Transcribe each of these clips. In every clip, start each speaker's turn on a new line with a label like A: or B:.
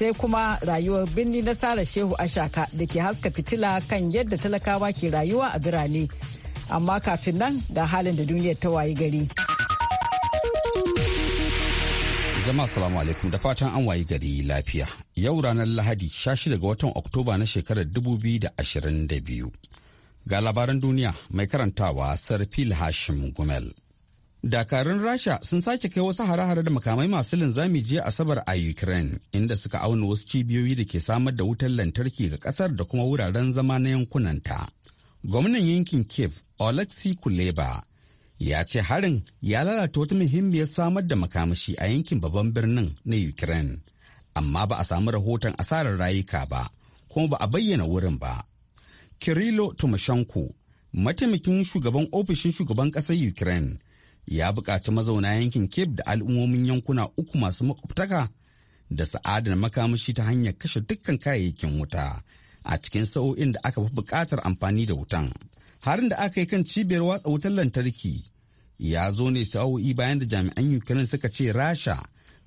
A: sai kuma rayuwar birni na Sara Shehu Ashaka da ke haska fitila kan yadda talakawa ke rayuwa a birane. Amma kafin nan ga halin da duniyar ta wayi gari.
B: Jama'a salamu alaikum da fatan an wayi gari lafiya. Yau ranar Lahadi 16 ga watan Oktoba na shekarar 2022. Ga labaran duniya mai karantawa Sarfil Hashim Gumel. dakarun rasha sun sake kai wasu hare-hare da makamai masu linzami jiya asabar a ukraine inda suka auna wasu cibiyoyi da ke samar da wutar lantarki ga kasar da kuma wuraren zama na yankunanta gwamnan yankin kiev oleksiy kuleba ya ce harin ya lalata wata muhimmiyar samar da makamashi a yankin babban birnin na ukraine amma ba a samu rahoton asarar rayuka ba kuma ba a bayyana wurin ba kirilo tumashenko mataimakin shugaban ofishin shugaban ƙasar ukraine ya buƙaci mazauna yankin cape da al'ummomin yankuna uku masu makwabtaka da sa'adar makamashi ta hanyar kashe dukkan kayayyakin wuta a cikin sa'o'in da aka fi buƙatar amfani da wutan harin da aka yi kan cibiyar watsa wutar lantarki ya zo ne sa'o'i bayan da jami'an ukraine suka ce rasha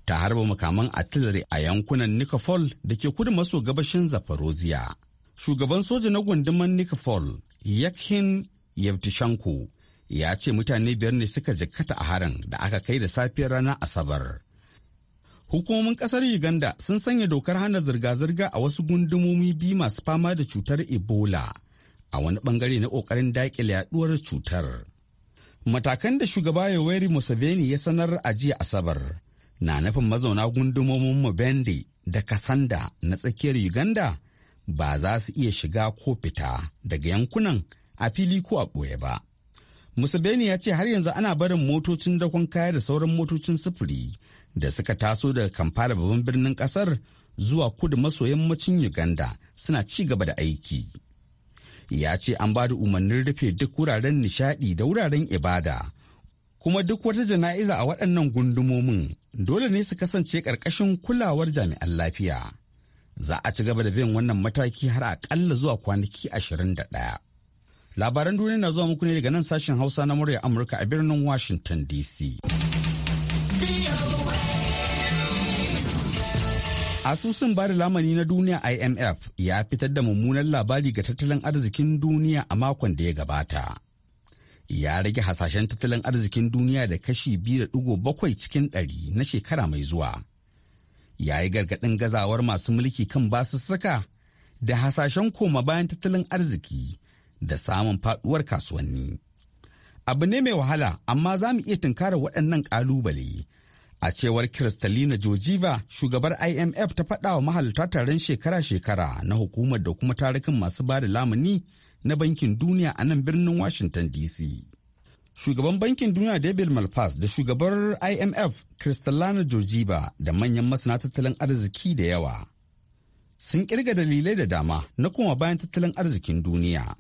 B: ta harba makaman artillery a yankunan nikopol da ke kudu maso gabashin zaporozhia shugaban soja na gundumar nikopol yakhin yevtushenko ya ce mutane biyar ne suka jikkata a harin da aka kai da safiyar ranar asabar hukumomin kasar uganda sun sanya dokar hana zirga-zirga a wasu gundumomi biyu masu fama da cutar ebola a wani bangare na kokarin daƙile yaduwar cutar matakan da shugaba yoweri museveni ya sanar a jiya asabar na nufin mazauna gundumomin mubende da kasanda na tsakiyar uganda ba za su iya shiga ko fita daga yankunan a fili ko a ɓoye ba Museveni ya ce har yanzu ana barin motocin dakon kaya da sauran motocin sufuri da suka taso daga kamfara babban birnin kasar zuwa kudu maso yammacin Uganda suna ci gaba da aiki. Ya ce an ba da umarnin rufe duk wuraren nishadi da wuraren ibada, kuma duk wata jana'iza a waɗannan gundumomin dole ne su kasance ƙarƙashin kulawar jami'an lafiya. Za a ci gaba da bin wannan mataki har aƙalla zuwa kwanaki ashirin da ɗaya. Labaran duniya na zuwa muku ne daga nan sashen Hausa na murya Amurka a birnin Washington DC. Asusun bada lamani na duniya IMF ya fitar da mummunan labari ga tattalin arzikin duniya a makon da ya gabata. ya rage hasashen tattalin arzikin duniya da kashi biyu da bakwai cikin ɗari na shekara mai zuwa. Ya yi gargaɗin gazawar masu mulki kan basu saka da hasashen koma bayan tattalin arziki da samun faduwar kasuwanni. Abu ne mai wahala amma za mu iya tunkara waɗannan ƙalubale. A cewar Kristalina Jojiva shugabar IMF ta faɗa wa mahalarta taron shekara-shekara na hukumar da kuma tarikin masu ba da lamuni na Bankin Duniya a nan birnin Washington DC. Shugaban Bankin Duniya David Malpass da shugabar IMF Kristalina Jojiva da manyan masana tattalin arziki da yawa. Sun kirga dalilai da dama na kuma bayan tattalin arzikin duniya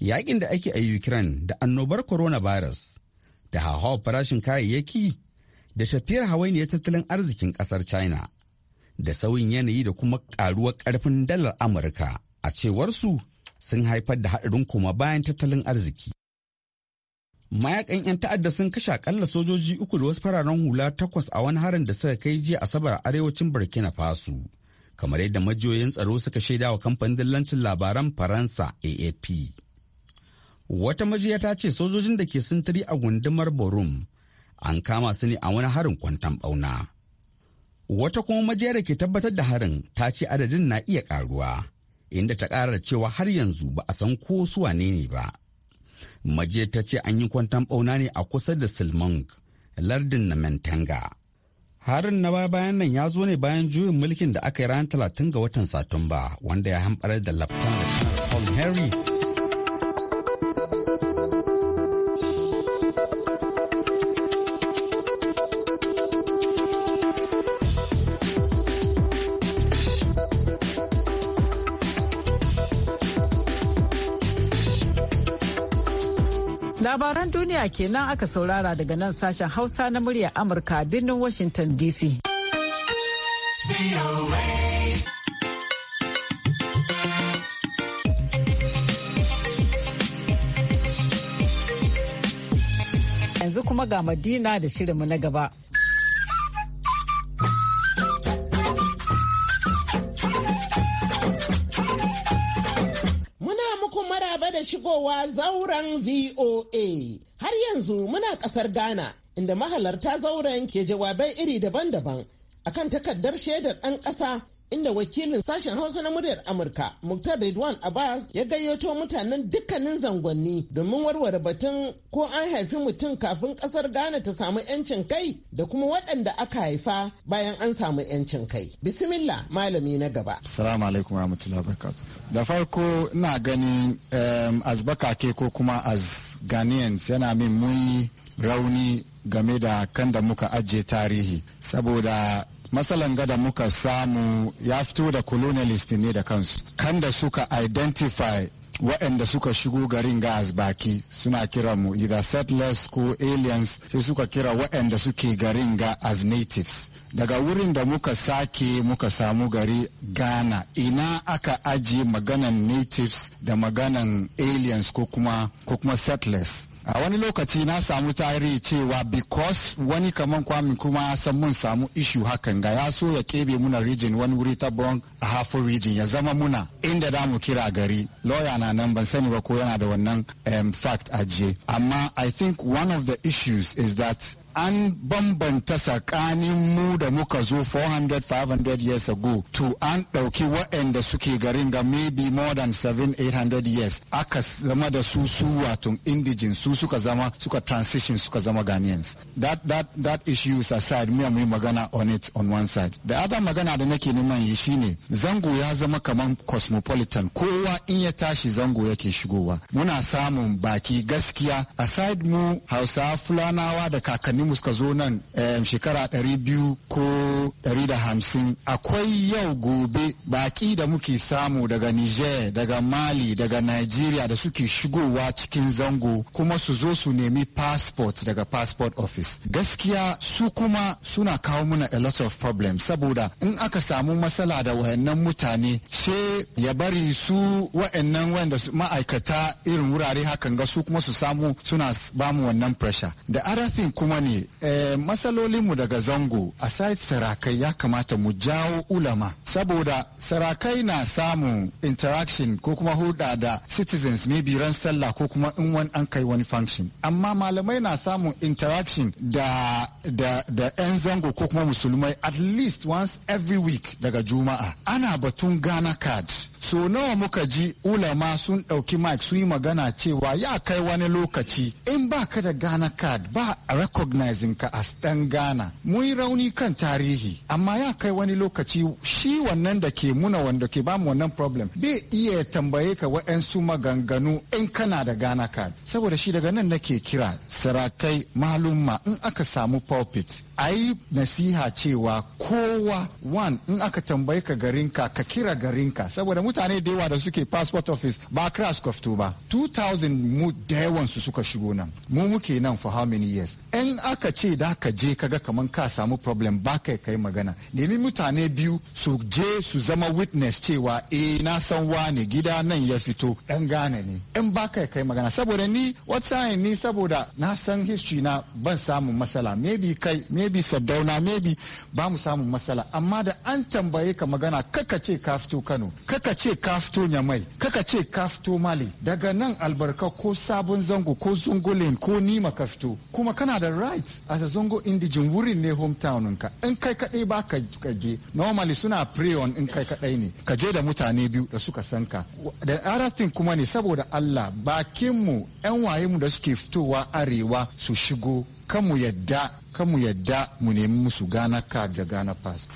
B: yakin da ake a ukraine da annobar coronavirus da hauhawar farashin kayayyaki da tafiyar hawainiyar tattalin arzikin kasar china da sauyin yanayi da kuma karuwar karfin dalar amurka a cewarsu sun haifar da haɗarin kuma bayan tattalin arziki mayakan 'yan ta'adda sun kashe akalla sojoji uku da wasu fararen hula takwas a wani harin da suka kai jiya asabar a arewacin burkina faso kamar yadda majiyoyin tsaro suka shaida wa kamfanin dillancin labaran faransa afp wata majiya ta ce sojojin da ke sintiri a gundumar borum an kama su ne a wani harin kwantan bauna wata kuma majiya da ke tabbatar da harin ta ce adadin na iya karuwa inda ta ƙara cewa har yanzu ba a san ko su wane ne ba majiya ta ce an yi kwantan bauna ne a kusa da silmang lardin na mentanga harin na baya bayan nan ya zo ne bayan juyin mulkin da aka yi ranar 30 ga watan satumba wanda ya hamɓarar da laftanar paul henry
A: duniya kenan aka saurara daga nan sashen Hausa na murya Amurka birnin Washington DC. Yanzu kuma ga Madina da shirinmu na gaba. muna muku maraba da shigowa zauren VOA. Har yanzu muna kasar Ghana inda mahalarta zauren ke jawabai iri daban-daban akan takardar shaidar ɗan ƙasa inda wakilin sashen Hausa na muryar Amurka Muktar Redwan Abbas ya gayyato mutanen dukkanin zangonni domin warware batun ko an haifi mutum kafin kasar Ghana ta samu 'yancin kai da kuma waɗanda aka haifa bayan an samu 'yancin kai. Bismillah
C: malami na gaba. salamu alaikum rahmatullahi wabarakatuh. Da farko ina ganin um, as bakake ko kuma as Ghanaians yana min muyi rauni game da kan da muka ajiye tarihi saboda matsalan gada muka samu ya fito da colonialist ne da kansu kan da suka identify waɗanda suka shigo garin ga baki suna kira mu either settlers ko aliens sai suka kira waɗanda suke garin ga as natives daga wurin da muka sake muka samu gari ghana ina aka ajiye maganan natives da maganan aliens ko kuma settlers a wani lokaci na samu tarihi cewa because wani kaman kwamin kuma ya san mun samu ishu hakan ga ya so ya kebe muna region wani wuri ta bron a hafin region ya zama muna inda da mu kira gari lawyer na nan ban sani ba ko yana da wannan fact ajiye amma i think one of the issues is that an bambanta tsakanin mu da muka zo 400 500 years ago to an ɗauki waɗanda suke garin ga maybe more than 7 800 years aka zama da su su watan indigen su suka zama suka transition suka zama Ghanaians that that that is aside me mu magana on it on one side da other magana da nake neman yi shine zango ya zama kaman cosmopolitan kowa in ya tashi zango yake shigowa muna samun baki gaskiya aside mu Hausa Fulanawa da kakanni kakanni mu zo nan shekara ɗari biyu ko ɗari da hamsin akwai yau gobe baki da muke samu daga niger daga mali daga nigeria da suke shigowa cikin zango kuma su zo su nemi passport daga passport office gaskiya su kuma suna kawo muna a lot of problems saboda in aka samu matsala da wayannan mutane she ya bari su wayannan wanda ma'aikata irin wurare hakan ga su kuma su samu suna bamu wannan pressure da other thing kuma ne ne eh, mu daga zango a site sarakai ya kamata mu jawo ulama saboda sarakai na samun interaction ko kuma hulɗa da citizens maybe ran sallah ko kuma in wani an kai wani function amma malamai na samun interaction da da da 'yan zango ko kuma musulmai at least once every week daga juma'a ana batun ghana card so nawa muka ji ulama sun ɗauki mic sun yi magana cewa ya kai wani lokaci in ba ka da ghana card ba a recognizing ka as ɗan ghana mun yi rauni kan tarihi amma ya kai wani lokaci shi wannan da ke muna wanda ke bamu wannan problem bai iya tambaye ka waɗansu maganganu in kana da ghana card saboda shi daga nan nake kira sarakai malumma in aka samu pulpit a yi nasiha cewa kowa one in aka tambaye ka garinka ka kira garinka saboda mutane da yawa da suke passport office ba crash ba 2000 mu da yawansu suka shigo nan mu muke nan for how many years in aka ce da ka je kaga kamar ka samu problem ba kai kai magana nemi mutane biyu su je su zama witness cewa eh na san wane gida nan ya fito dan gane ne in ba kai kai magana saboda ni wata ni saboda na san history na ban samun matsala maybe kai maybe saddauna maybe ba mu samun matsala amma da an tambaye ka magana kaka ce ka fito Kano kaka ce ka fito Nyamai kaka ce ka fito Mali daga nan albarka ko sabon zango ko zungulen ko nima ka fito kuma kana da right a a zongo indijin wurin ne hometown ka in kai kadai ba ka kaje normally suna pray on in kai kadai ne ka je da mutane biyu da suka san ka da arafin kuma ne saboda Allah bakin mu yan waye mu da suke fitowa arewa su shigo kamu yadda kamu yadda mu nemi musu gana card da gana pass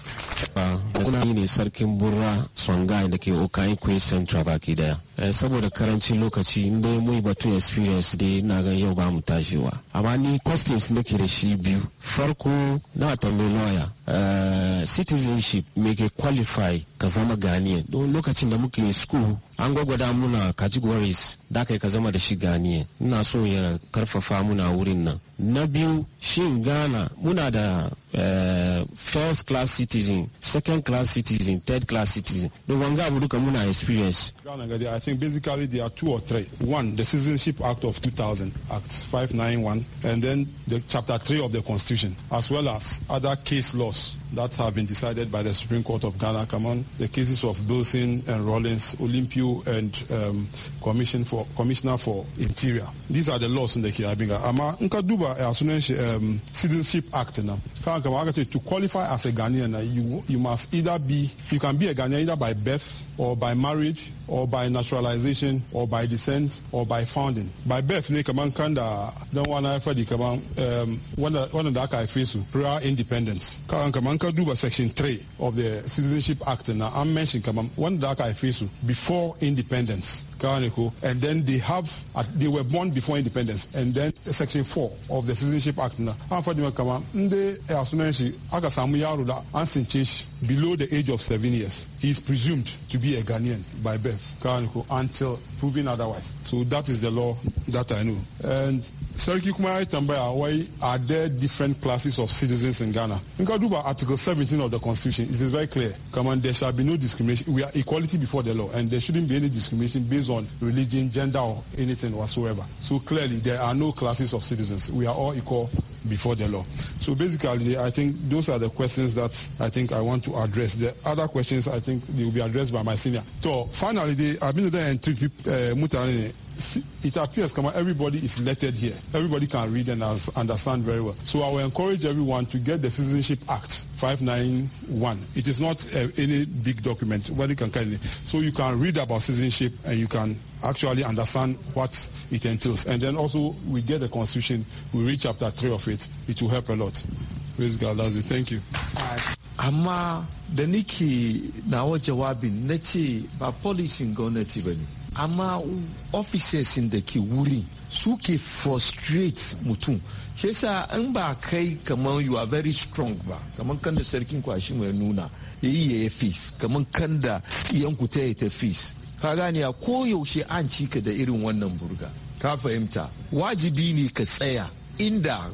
C: kuna ne
D: sarkin burra songai da ke okai kwe central baki daya eh, saboda karancin lokaci inda ya mu batun experience dai na gan yau ba mu tashewa amma ni questions nake da shi biyu farko na tambayi lawyer eh, citizenship me ke qualify ka zama ganiyan don lokacin da muke school an gwagwada muna categories da kai ka zama da shi ganiyan ina so ya karfafa muna wurin nan na biyu shin ghana muna da eh, first class citizen, second class citizen, third class citizen. The Wanga Abuduka Muna experience.
E: I think basically there are two or three. One, the Citizenship Act of 2000, Act 591, and then the Chapter 3 of the Constitution, as well as other case laws that have been decided by the Supreme Court of Ghana come on. The cases of Bilson and Rollins, Olympio and um, Commission for, Commissioner for Interior. These are the laws in the Kirabinga. Ama Nkaduba eh, um, Citizenship Act. To qualify as a Ghanaian, you, you must either be, you can be a Ghanaian either by birth or by marriage or by naturalization or by descent or by founding by birth ne kaman kan da dan wani haifa di kaman um, wanda da aka haife su prior independence kan kaman ka duba section 3 of the citizenship act na an mention kaman wanda da aka haife su before independence And then they have, they were born before independence. And then Section 4 of the Citizenship Act. now. Below the age of seven years, he is presumed to be a Ghanaian by birth until proven otherwise. So that is the law that I know. And sarki kuma ya yi tambaya are there different classes of citizens in ghana in ka duba article 17 of the constitution it is very clear kaman there shall be no discrimination we are equality before the law and there shouldn't be any discrimination based on religion gender or anything whatsoever so clearly there are no classes of citizens we are all equal before the law. So basically, I think those are the questions that I think I want to address. The other questions, I think, they will be addressed by my senior. So finally, the Abinada and Tripi eh, Mutarine, it appears come on, everybody is lettered here. Everybody can read and understand very well. So I will encourage everyone to get the Citizenship Act 591. It is not uh, any big document. Well, you can kind so you can read about citizenship and you can actually understand what it entails. And then also we get the Constitution. We read chapter three of it. It will help a lot. Praise God. That's it. Thank you. Amma the niki na jawabin na ba policing gwamnati ba amma
F: officers da ke wurin suke ke frustrate mutum shi yasa in ba kai kamar you are very strong ba kamar kan da sarkin kwashi mai nuna ya yi ya fis kamar kan da ku ta ta face ka gani a koyaushe an cika da irin wannan burga ka fahimta wajibi ne ka tsaya inda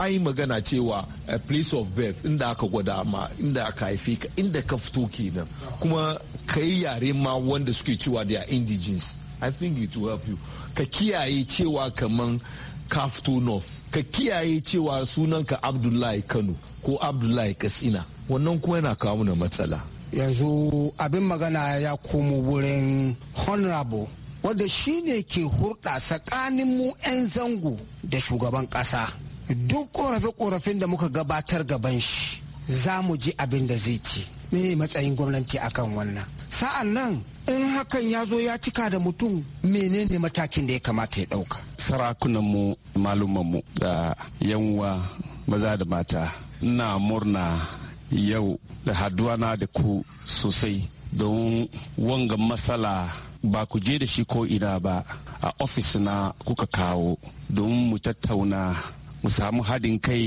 F: ai magana cewa a eh, place of birth inda aka gwada ma inda aka haife ka inda ka fito kenan kuma ka yi yare ma wanda suke cewa da are indigens i think it will help you ka kiyaye cewa kaman ka fito north ka kiyaye cewa sunanka abdullahi kano ko abdullahi katsina wannan kuma yana kawo mana matsala
D: yanzu abin magana ya komo wurin honorable wanda shi ne ke hurɗa tsakanin mu 'yan zango da shugaban ƙasa duk ƙorafe-ƙorafin da muka gabatar gaban shi za mu ji abin da zai ci mene matsayin gwamnati akan wannan sa'an nan in hakan ya zo ya cika da mutum menene matakin da ya kamata ya ɗauka
F: sarakunanmu malumanmu da yanwa maza da mata na murna yau da haduwa na da ku sosai don wanga matsala ba ku je da shi ko ina ba a ofis na kuka kawo don mu tattauna mu samu haɗin kai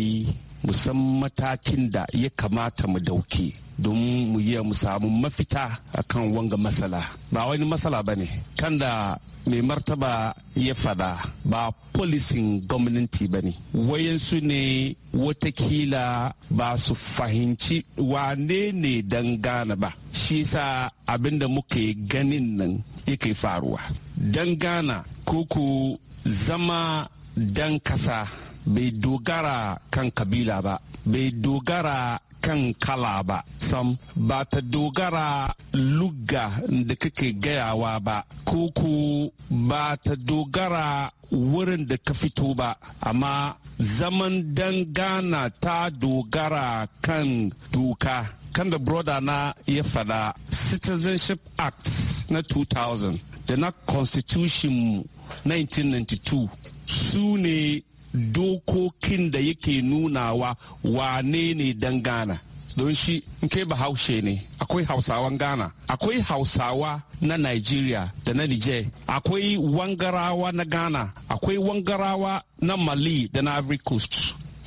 F: mu san matakin da ya kamata mu dauke don mu yi mu samu mafita a kan wanga matsala ba wani matsala ba ne kan da mai martaba ya fada ba polisin gwamnati ba ne wayansu ne watakila ba su fahimci wane ne don gane ba shi sa abinda muka yi ganin nan yake faruwa don gana koko zama dan kasa bai dogara kan kabila ba bai dogara kan kala ba sam ba ta dogara lugga da kake gayawa ba koko ba ta dogara wurin da ka fito ba amma zaman dangana ta dogara kan doka kan da broda na ya fada citizenship act na 2000 da na constitution 1992 su ne dokokin da yake nunawa wane ne don ghana don shi in kai bahaushe ne akwai hausawan ghana akwai hausawa na nigeria da na niger akwai wangarawa na ghana akwai wangarawa na mali da na ivory coast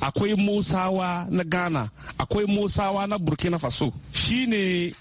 F: akwai musawa na ghana akwai musawa na burkina faso shine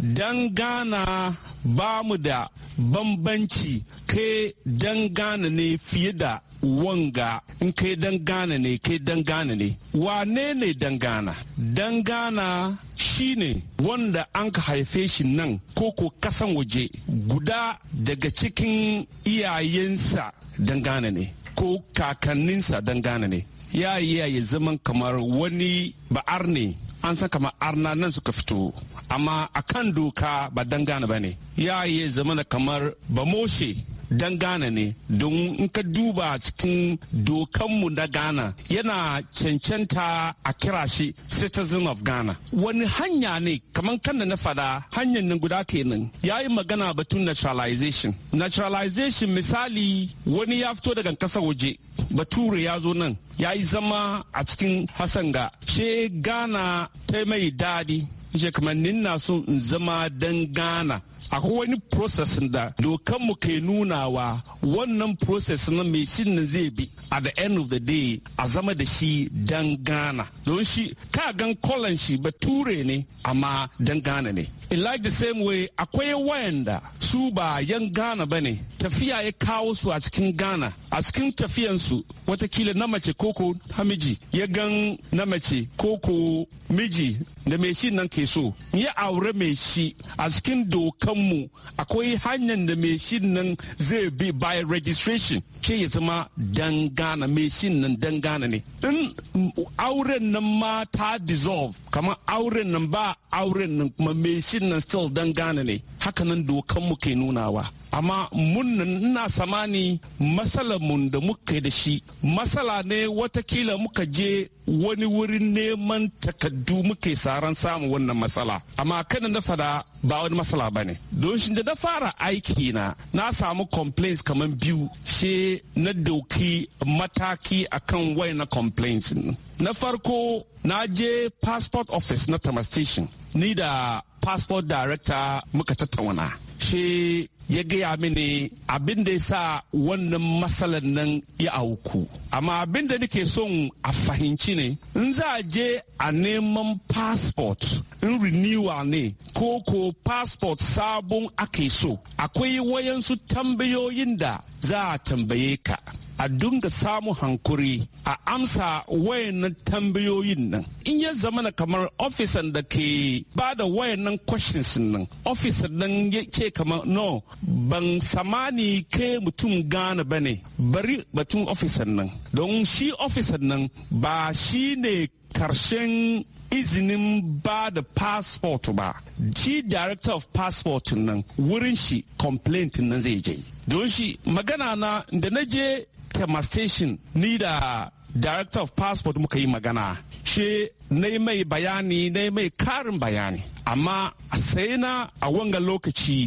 F: dan ghana ba mu da bambanci kai dan ghana ne fiye da wanga in kai dan ghana ne kai dan ghana ne wane ne dan ghana dan ghana shine wanda an ka haife shi nan ko kasan waje guda daga cikin iyayensa dan ghana ne ko kakanninsa dan ghana ne ya yi zaman kamar wani ba'ar ne an san kamar arna nan suka fito amma akan doka ba dangana ba ne ya yi zama kamar ba moshe dan Ghana ne don in ka duba cikin dokanmu na Ghana yana cancanta a kira shi citizen of Ghana wani hanya ne kamar kan na fada hanyar nan guda kenan ya yi magana batun naturalization naturalization misali wani ya fito daga kasar waje bature ya zo nan ya yi zama a cikin hasanga she Ghana ta mai daɗi she kamar na so in zama dan Ghana akwai wani process da dokanmu ke nunawa wannan process na mai shi ne zai bi at the end of the day a zama da shi dan gana don shi ka gan kolan shi bature ne amma dan gana ne in like the same way akwai wayanda su ba yan Ghana ba ne tafiya ya kawo su a cikin Ghana a cikin tafiyansu watakila na mace koko hamiji ya gan na mace koko miji da mai shi nan ke so ya aure mai shi a cikin dokanmu akwai hanyar da mai shi nan zai bi by registration ke ya zama dan Ghana mai shi nan dan Ghana ne in auren nan ma ta dissolve kamar auren nan ba auren nan kuma mai shi nan still dan Ghana ne hakanan dokanmu muke nunawa amma munna ina samani mun da muka da shi matsala ne watakila muka je wani wurin neman takaddu muke saran samun wannan matsala amma kada na fada ba wani matsala ba ne don shi da na fara aiki na na samu complaints kamar biyu she na dauki mataki akan wai na complaints na farko na je passport office na station ni da passport director muka tattauna ce ya gaya mini abin da ya sa wannan matsalar nan ya auku amma abin da nake son a fahimci ne in za a je a neman passport in renewal ne ko ko passport sabon ake so akwai wayansu tambayoyin da za a tambaye ka a dinga samun hankuri a amsa wayannan tambayoyin nan in ya zama na kamar ofisan da ke ba da wayannan questions nan ofisan nan ya ce kamar no ban samani ke mutum gane ba ne bari batun ofisan nan don shi ofisan nan ba shi ne karshen izinin ba da passport ba ci director of passport nan wurin shi complaint nan zai je don shi magana na da na je tema station ni da director of passport muka yi magana she na yi mai bayani na yi mai karin bayani amma sai na a wanga lokaci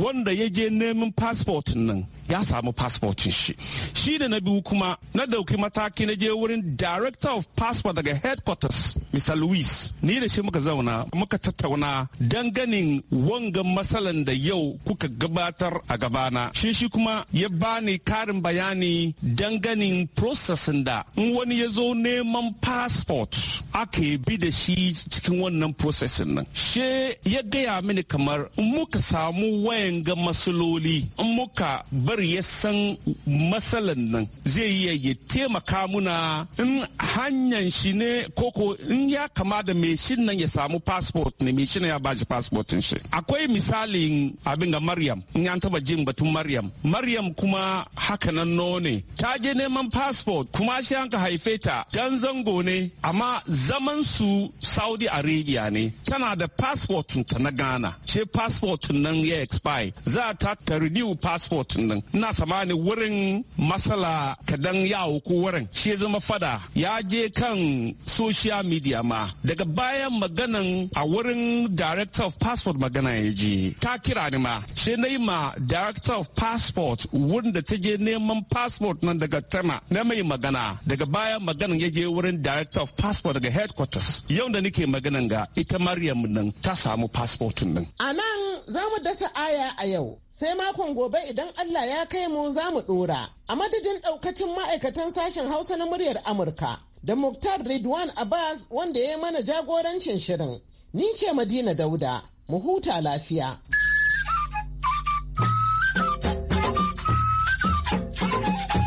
F: wanda ya je neman passport nan ya samu fasfotin shi shi da na biyu kuma na dauki mataki na je wurin director of passport daga headquarters mr louis ni da shi muka zauna muka tattauna danganin wangan matsalan da yau kuka gabatar a gabana shi shi kuma ya bani karin bayani danganin processing da in wani ya zo neman passport aka bi da shi cikin wannan processing nan she ya gaya mini kamar muka samu wayan ga masaloli in muka bar ya san matsalan nan zai yi ya taimaka muna in hanyar shi ne koko in ya kama da mai shin nan ya samu passport ne mai shin ya bashi passportin shi akwai misalin abin ga maryam in an taba jin batun maryam maryam kuma haka nan no ne ta je neman passport kuma shi an ka haife ta dan zango ne amma zaman su saudi arabia ne tana da passport ta na ghana sai passport nan ya expire za ta ta renew passport nan na ina samani wurin matsala kadan ya ko wurin shi zama fada ya je kan social media ma daga bayan maganan a wurin director of passport magana ya je ta kira ni ma shi na yi ma director of passport wurin da ta je neman passport nan daga tana. na mai magana daga bayan maganan ya je wurin director of passport daga headquarters yau da nake maganan ga ita maryam nan ta samu passport nan
A: a nan za mu dasa aya a yau sai makon gobe idan Allah ya kai mu za mu ɗora. A madadin ɗaukacin ma'aikatan sashen Hausa na muryar Amurka da Muktar Ridwan Abbas wanda ya mana jagorancin shirin. Ni ce Madina Dauda, mu huta lafiya.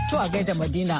A: To a gaida Madina.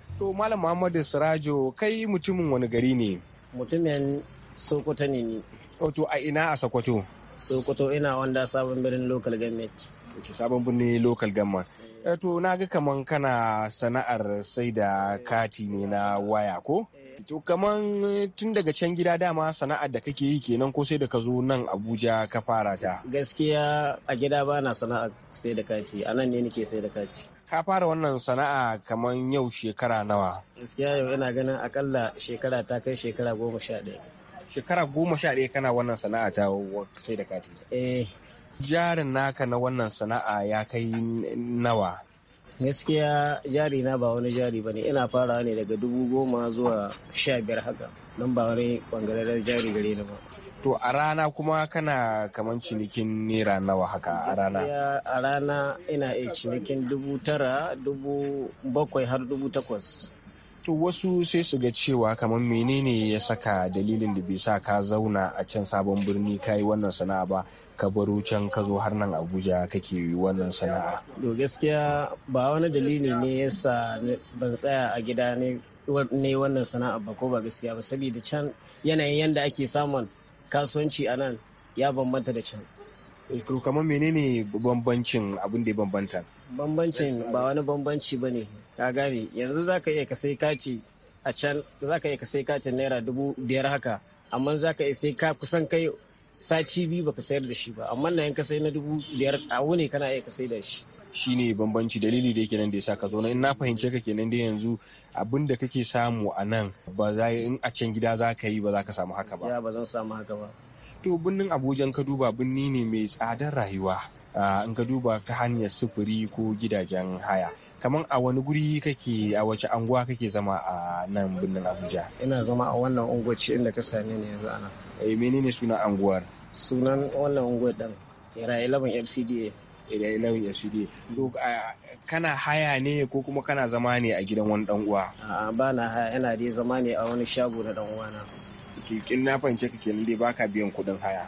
D: To Malam Muhammadu Sirajo kai mutumin wani gari ne? Mutumin Sokoto ne ni. Oh, to a ina a Sokoto? Sokoto ina wanda sabon birnin local government. Sabon birnin local government. Eh, to na ga kaman kana sana'ar sai da kati ne na waya ko? To kaman eh, tun daga can gida dama sana'ar da kake yi kenan ko sai da ka zo nan Abuja ka fara ta. Gaskiya a gida ba na sana'a sai da kaci, a nan ne nake sai da kaci. Ka fara wannan sana'a kaman yau shekara nawa? Gaskiya yau ina ganin akalla shekara ta kai shekara goma sha ɗaya. Shekara goma sha ɗaya kana wannan sana'a ta sai da kaci. Eh. Jarin naka na wannan sana'a ya kai nawa? gaskiya jari na ba wani jari ba
G: ne ina fara ne daga dubu goma zuwa sha biyar haka don ba wani bangaren jari gare
D: ni ba to a rana kuma kana kaman cinikin naira nawa haka a rana
G: a rana ina cinikin dubu tara dubu bakwai har dubu takwas
D: to wasu sai su ga cewa kamar menene ya saka dalilin da bai sa ka zauna a can sabon birni ka yi wannan sana'a ba ka baro can ka zo har nan abuja kake yi wannan sana'a
G: to gaskiya ba wani dalili ne sa ban tsaya a gida ne wannan sana'a ba ko ba gaskiya ba saboda can yanayin yanda ake samun kasuwanci a nan ya bambanta da can
D: kamar menene bambancin abin da ya bambanta
G: bambancin ba wani bambanci ba ne ka gane yanzu za ka iya ka sai kaci a can za ka iya ka sai kacin naira dubu biyar haka amma za ka iya sai ka kusan kai sati biyu baka sayar da shi ba amma na yanka sai na dubu biyar a wuni
D: kana iya ka sai da shi shi ne bambanci dalili da yake nan da ya saka zaune in na fahimce ka kenan da yanzu abin da kake samu a nan ba za in a can gida za ka yi ba za ka samu haka ba ya ba zan samu haka ba to birnin abuja ka duba birni ne mai tsadar rayuwa in ka duba ta hanyar sufuri ko gidajen haya kamar a wani guri kake a wace anguwa kake zama a nan birnin abuja ina zama a wannan unguwaci inda ka same ni yanzu ana eh menene sunan anguwar sunan wannan unguwar din era 11 fcda era 11 fcda to kana haya ne ko kuma kana zama ne a gidan wani dan uwa a'a ba na haya ina dai zama ne a wani shago na dan uwana in na fahimce ka kenan dai baka biyan kudin haya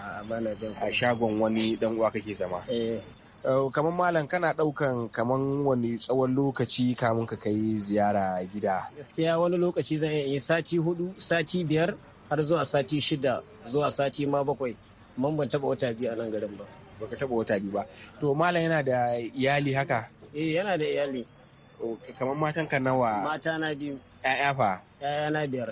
D: a shagon wani dan uwa kake zama eh. Eh, kamar malam kana daukan kamar wani tsawon lokaci kamun ka kai ziyara gida gaskiya wani lokaci zan iya sati hudu sati biyar har zuwa sati shida zuwa sati ma bakwai man ban taba wata biyu a nan garin ba baka taba wata biyu ba to malam yana da iyali haka eh yana da iyali kamar matan ka nawa mata na biyu ƴaƴa fa ƴaƴa na biyar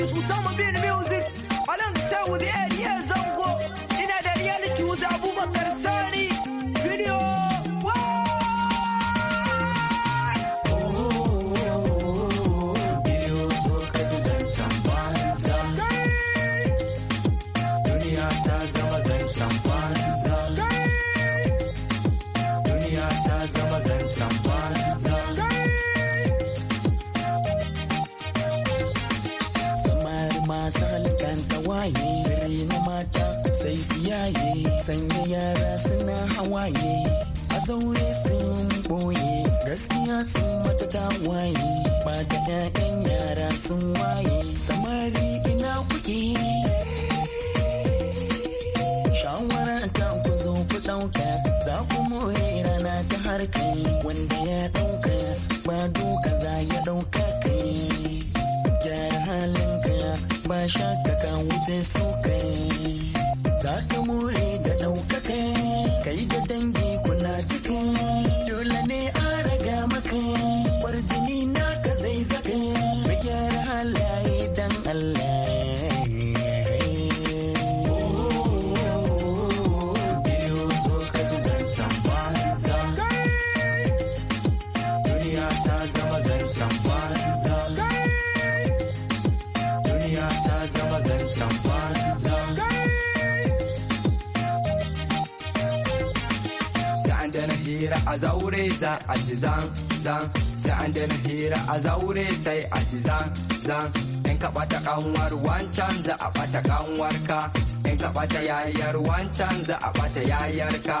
H: 就从上。
I: ɗauka za ku more rana ta harka wanda ya ɗauka ba duka za ya ɗauka kai gyara halinka ba sha ka wuce su kai za ka more da ɗaukaka kai da dangi kuna cika dole ne a raga maka warjini naka zai zaka ka gyara halaye dan Allah
H: a zaure za a ji zan zan sai an dana hira a zaure sai a ji zan zan in ka bata kanwar wancan za a bata kanwar ka in ka bata yayar wancan za a bata yayar ka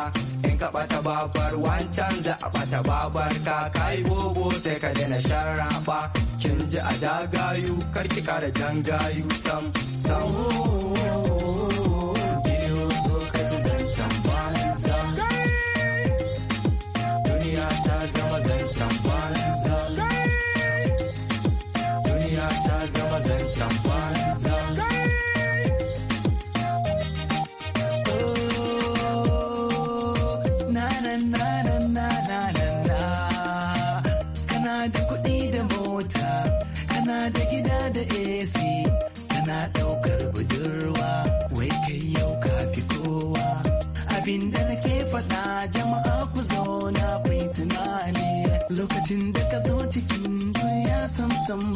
H: in ka bata babar wancan za a bata babar ka kai bobo sai ka daina sharaba kin ji a jagayu kar ki kara jangayu sam sam
I: da ka zo cikin ya sam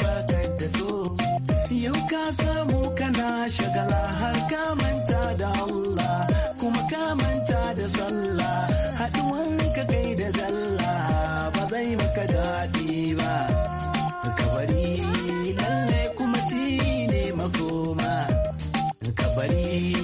I: ba ka da to yau ka samu kana shagala har ka manta da Allah kuma ka manta da sallah haɗuwan ka kai da zalla ba zai maka daɗi ba kabari lalle kuma shi ne makoma kabari